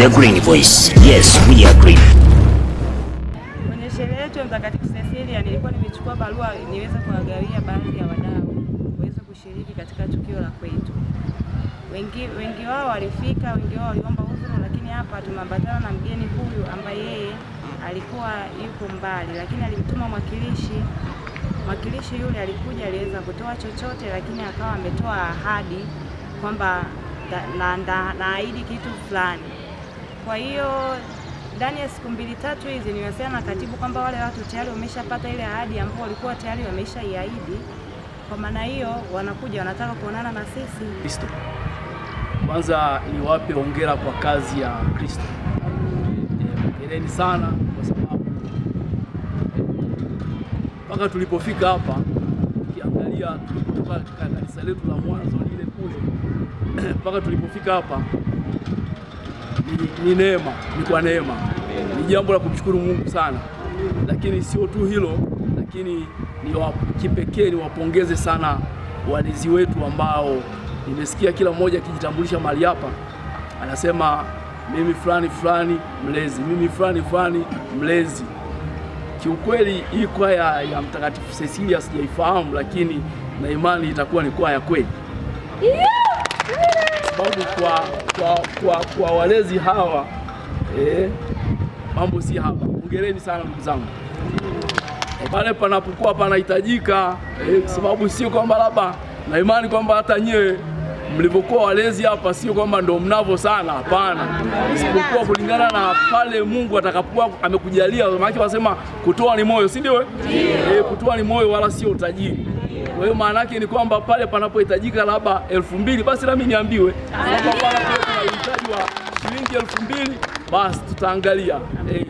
The Green Voice. Yes, we agree. Kwenye sherehe yetu ya Mtakatifu Cecilia nilikuwa nimechukua barua niweze kuwagawia baadhi ya wadau waweze kushiriki katika tukio la kwetu. Wengi wengi wao walifika, wengi wao waliomba udhuru, lakini hapa tumeambatana na mgeni huyu ambaye yeye alikuwa yuko mbali, lakini alimtuma mwakilishi. Mwakilishi yule alikuja, aliweza kutoa chochote, lakini akawa ametoa ahadi kwamba naahidi na, na, na kitu fulani kwa hiyo ndani ya siku mbili tatu hizi nimewasiliana na katibu kwamba wale watu tayari wameshapata ile ahadi ambayo walikuwa tayari wameshaiahidi. Kwa maana hiyo wanakuja wanataka kuonana na sisi. Kristo, kwanza niwape hongera kwa kazi ya Kristo, hongereni sana kwa sababu mpaka tulipofika hapa, ukiangalia tulipotoka katika kanisa letu la mwanzo lile kule mpaka tulipofika hapa ni neema, ni kwa neema, ni jambo la kumshukuru Mungu sana. Lakini sio tu hilo, lakini ni wa kipekee niwapongeze sana walezi wetu ambao nimesikia kila mmoja akijitambulisha mahali hapa, anasema mimi fulani fulani mlezi, mimi fulani fulani mlezi. Kiukweli hii kwaya ya Mtakatifu Cecilia sijaifahamu, lakini na imani itakuwa ni kwaya kweli sababu kwa, kwa, kwa, kwa walezi hawa eh, mambo si hapa. Hongereni sana ndugu zangu eh, pale panapokuwa panahitajika eh, sababu sio kwamba labda na imani kwamba hata nyewe mlivyokuwa walezi hapa sio kwamba ndo mnavyo sana, hapana, isipokuwa kulingana na pale Mungu atakapokuwa amekujalia. Maana wasema kutoa ni moyo, si eh? ndio? Eh, kutoa ni moyo wala sio utajiri. Kwa hiyo maana yake ni kwamba pale panapohitajika labda elfu mbili basi nami niambiwe uhitaji wa shilingi elfu mbili basi tutaangalia hey, eh,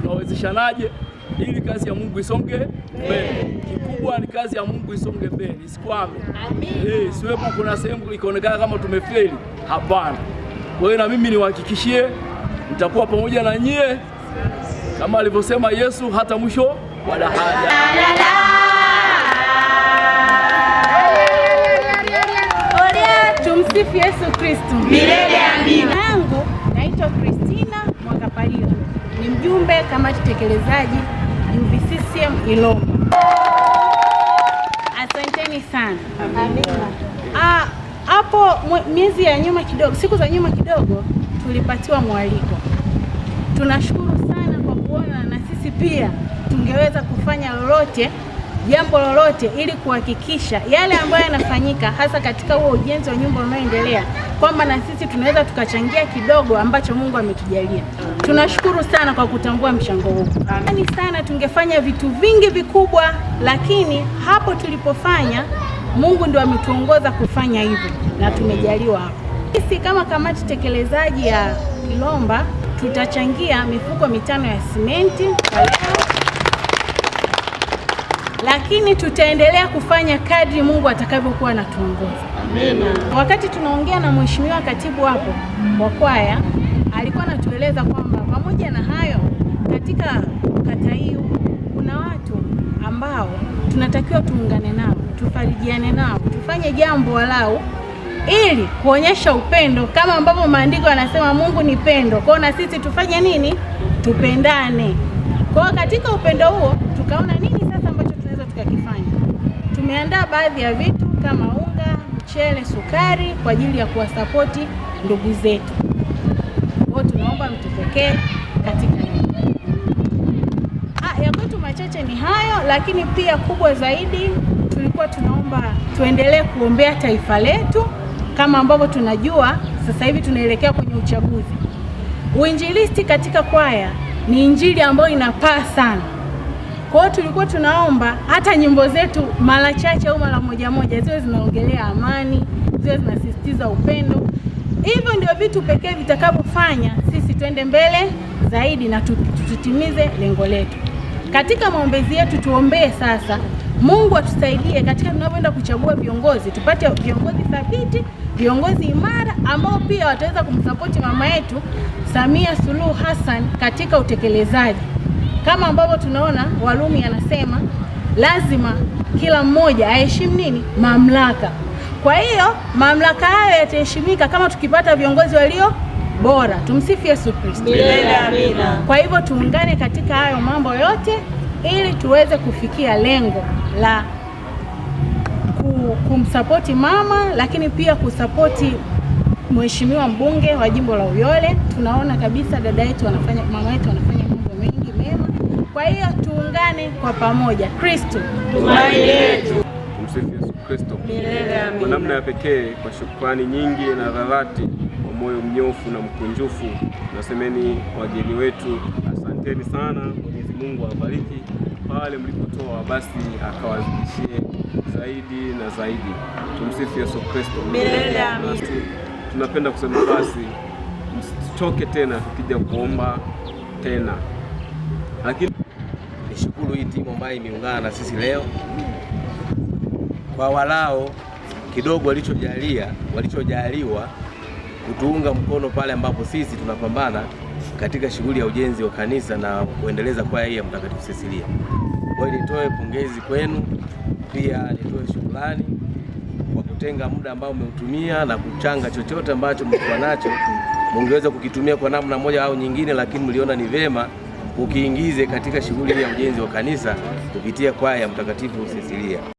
tunawezeshanaje ili kazi ya Mungu isonge mbele. Kikubwa ni kazi ya Mungu isonge mbele, isikwame. Hey, eh, siwepo kuna sehemu ikaonekana kama tumefeli. Hapana. Kwa hiyo na mimi niwahakikishie nitakuwa pamoja na nyie kama alivyosema Yesu hata mwisho wa dahari. Kristo milele amina. Yangu naitwa Christina Mwakapalila, ni mjumbe kamati tekelezaji UVCCM Ilomba. Asanteni sana. Amina. Ah, hapo miezi ya nyuma kidogo, siku za nyuma kidogo tulipatiwa mwaliko. Tunashukuru sana kwa kuona na sisi pia tungeweza kufanya lolote jambo lolote ili kuhakikisha yale ambayo yanafanyika hasa katika huo ujenzi wa nyumba unaoendelea kwamba na sisi tunaweza tukachangia kidogo ambacho Mungu ametujalia. Tunashukuru sana kwa kutambua mchango huu. Amani sana, tungefanya vitu vingi vikubwa, lakini hapo tulipofanya, Mungu ndio ametuongoza kufanya hivyo na tumejaliwa hapo. Sisi kama kamati tekelezaji ya Kilomba tutachangia mifuko mitano ya simenti kwa leo lakini tutaendelea kufanya kadri Mungu atakavyokuwa anatuongoza. Amina. Wakati tunaongea na mheshimiwa katibu hapo wa kwaya, alikuwa anatueleza kwamba pamoja na hayo, katika kata hii kuna watu ambao tunatakiwa tuungane nao, tufarijiane nao, tufanye jambo walau ili kuonyesha upendo kama ambavyo maandiko yanasema Mungu ni pendo. Kwao na sisi tufanye nini? Tupendane. Kwao katika upendo huo tukaona nini sasa kifanya. Tumeandaa baadhi ya vitu kama unga, mchele, sukari kwa ajili ya kuwasapoti ndugu zetu. Kwa tunaomba mtupokee katika ah, ya kwetu machache ni hayo, lakini pia kubwa zaidi tulikuwa tunaomba tuendelee kuombea taifa letu kama ambavyo tunajua sasa hivi tunaelekea kwenye uchaguzi. Uinjilisti katika kwaya ni injili ambayo inapaa sana. Kwa hiyo tulikuwa tunaomba hata nyimbo zetu mara chache au mara moja moja ziwe zinaongelea amani, ziwe zinasisitiza upendo. Hivyo ndio vitu pekee vitakavyofanya sisi twende mbele zaidi na tutimize lengo letu. Katika maombezi yetu tuombee sasa Mungu atusaidie katika tunavyoenda kuchagua viongozi, tupate viongozi thabiti, viongozi imara ambao pia wataweza kumsapoti mama yetu Samia Suluhu Hassan katika utekelezaji. Kama ambavyo tunaona Warumi anasema lazima kila mmoja aheshimu nini? Mamlaka. Kwa hiyo mamlaka hayo yataheshimika kama tukipata viongozi walio bora. Tumsifu Yesu Kristo. Kwa hivyo tuungane katika hayo mambo yote ili tuweze kufikia lengo la kumsapoti mama, lakini pia kusapoti mheshimiwa mbunge wa jimbo la Uyole. Tunaona kabisa dada yetu anafanya, mama yetu anafanya kwa hiyo tuungane kwa pamoja. Kristo tumaini letu. Tumsifu Yesu Kristo. Kwa namna ya pekee, kwa shukrani nyingi na dhati, kwa moyo mnyofu na mkunjufu, nasemeni wageni wetu, asanteni sana. Mwenyezi Mungu awabariki pale mlipotoa, basi akawazidishie zaidi na zaidi. Tumsifu Yesu Kristo. Tunapenda kusema basi, msichoke tena tukija kuomba tena lakini nishukuru hii timu ambayo imeungana na sisi leo kwa walao kidogo walichojalia walichojaliwa kutuunga mkono pale ambapo sisi tunapambana katika shughuli ya ujenzi wa kanisa na kuendeleza kwaya hii ya Mtakatifu Cecilia. Kwa hiyo nitoe pongezi kwenu, pia nitoe shukrani kwa kutenga muda ambao mmeutumia na kuchanga chochote ambacho mlikuwa nacho, mungeweza kukitumia kwa namna moja au nyingine, lakini mliona ni vema ukiingize katika shughuli ya ujenzi wa kanisa kupitia kwaya ya Mtakatifu Sesilia.